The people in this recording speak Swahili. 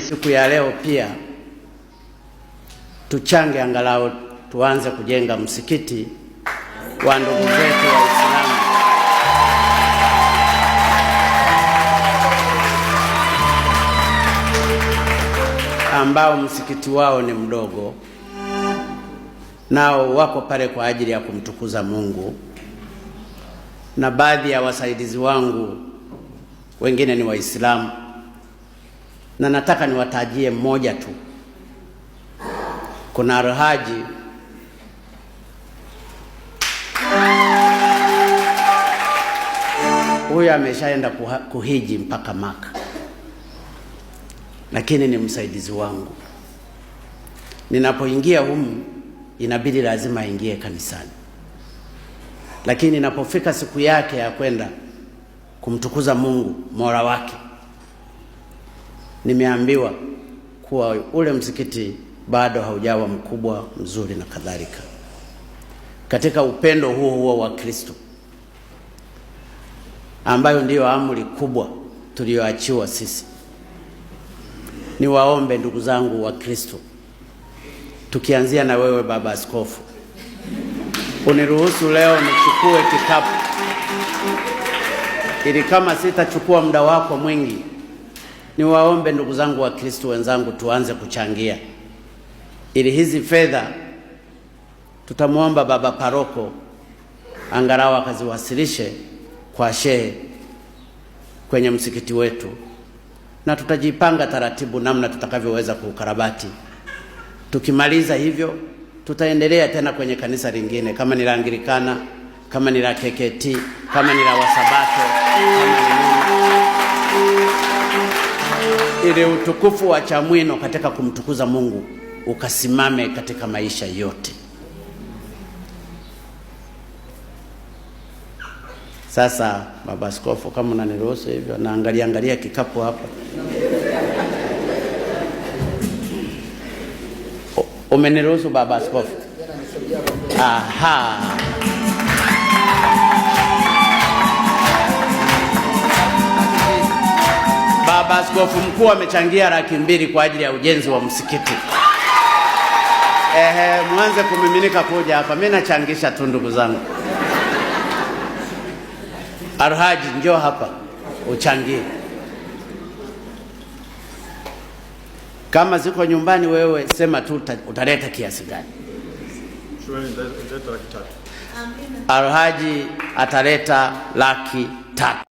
siku ya leo pia tuchange angalau tuanze kujenga msikiti wa ndugu zetu Uislamu. ambao msikiti wao ni mdogo, nao wako pale kwa ajili ya kumtukuza Mungu. Na baadhi ya wasaidizi wangu wengine ni Waislamu na nataka niwatajie mmoja tu. Kuna Alhaji huyu ameshaenda kuhiji mpaka Maka, lakini ni msaidizi wangu. Ninapoingia humu inabidi lazima aingie kanisani, lakini inapofika siku yake ya kwenda kumtukuza Mungu Mola wake nimeambiwa kuwa ule msikiti bado haujawa mkubwa mzuri na kadhalika. Katika upendo huo huo wa Kristo, ambayo ndiyo amri kubwa tuliyoachiwa sisi, niwaombe ndugu zangu wa Kristo, tukianzia na wewe baba askofu, uniruhusu leo nichukue kitabu, ili kama sitachukua muda wako mwingi Niwaombe ndugu zangu wa Kristo wenzangu, tuanze kuchangia ili hizi fedha, tutamwomba baba paroko angalau akaziwasilishe kwa shehe kwenye msikiti wetu, na tutajipanga taratibu namna tutakavyoweza kuukarabati. Tukimaliza hivyo, tutaendelea tena kwenye kanisa lingine, kama ni la Anglikana, kama ni la KKT, kama ni la Wasabato. ili utukufu wa Chamwino katika kumtukuza Mungu ukasimame katika maisha yote. Sasa baba askofu, kama unaniruhusu hivyo, naangalia angalia kikapu hapa. Umeniruhusu baba askofu? Aha. askofu mkuu amechangia laki mbili kwa ajili ya ujenzi wa msikiti. Ehe, mwanze kumiminika kuja hapa, mimi nachangisha tu ndugu zangu. arhaji njoo hapa uchangie. Kama ziko nyumbani, wewe sema tu utaleta kiasi gani. arhaji ataleta laki tatu.